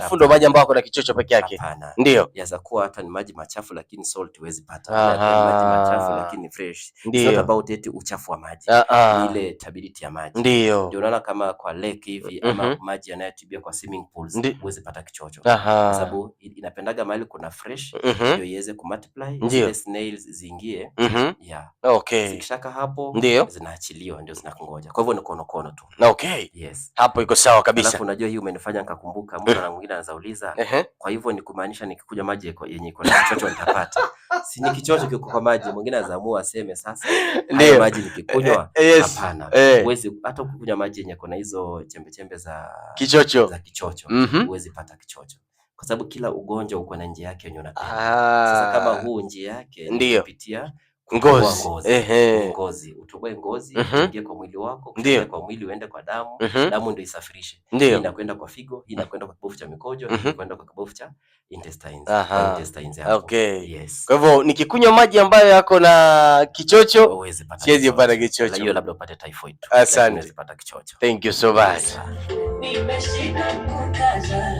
chafu ndo maji ambayo kuna kichocho peke yake. Ndio. Yaweza kuwa hata ni maji machafu lakini salt huwezi pata. Yaani maji machafu lakini fresh. Ndio not about it uchafu wa maji. Ile stability ya maji. Ndio. Ndio unaona kama kwa lake hivi ama mhm. maji yanayotibia kwa swimming pools huwezi pata kichocho. Kwa sababu inapendaga mahali kuna fresh mhm. ndio mm -hmm. iweze ku multiply zile snails ziingie. mm -hmm. Yeah. Okay. Zikishaka hapo ndio zinaachiliwa ndio zinakungoja. Kwa hivyo ni kono kono tu. Okay. Yes. Hapo iko sawa kabisa. Alafu unajua hii umenifanya nikakumbuka mbona mwingine anaweza uliza uh -huh. Kwa hivyo ni kumaanisha nikikuja maji yenye iko na kichocho nitapata? Si ni kichocho kiko kwa maji, mwingine azamua aseme sasa ndio maji nikikunywa. Eh, eh, hapana, eh. huwezi hata kukunywa maji yenye iko na hizo chembe chembe za kichocho za kichocho mhm. huwezi pata kichocho kwa sababu kila ugonjwa uko na njia yake yenye unapenda. Ah. Sasa kama huu njia yake ndio kupitia ngozi ehe, ngozi utoboe ngozi ingie mhm. kwa mwili wako, ndio kwa mwili uende kwa damu, mhm. damu ndio isafirishe, ndio inakwenda kwa figo, inakwenda kwa kibofu cha mikojo, mhm. inakwenda kwa kibofu cha intestines, intestines yako. Okay, yes. Kwa hivyo nikikunywa maji ambayo yako na kichocho, siwezi pata kichocho, hiyo labda upate typhoid. Asante, Siwezi pata kichocho. Thank you so much. Nimeshinda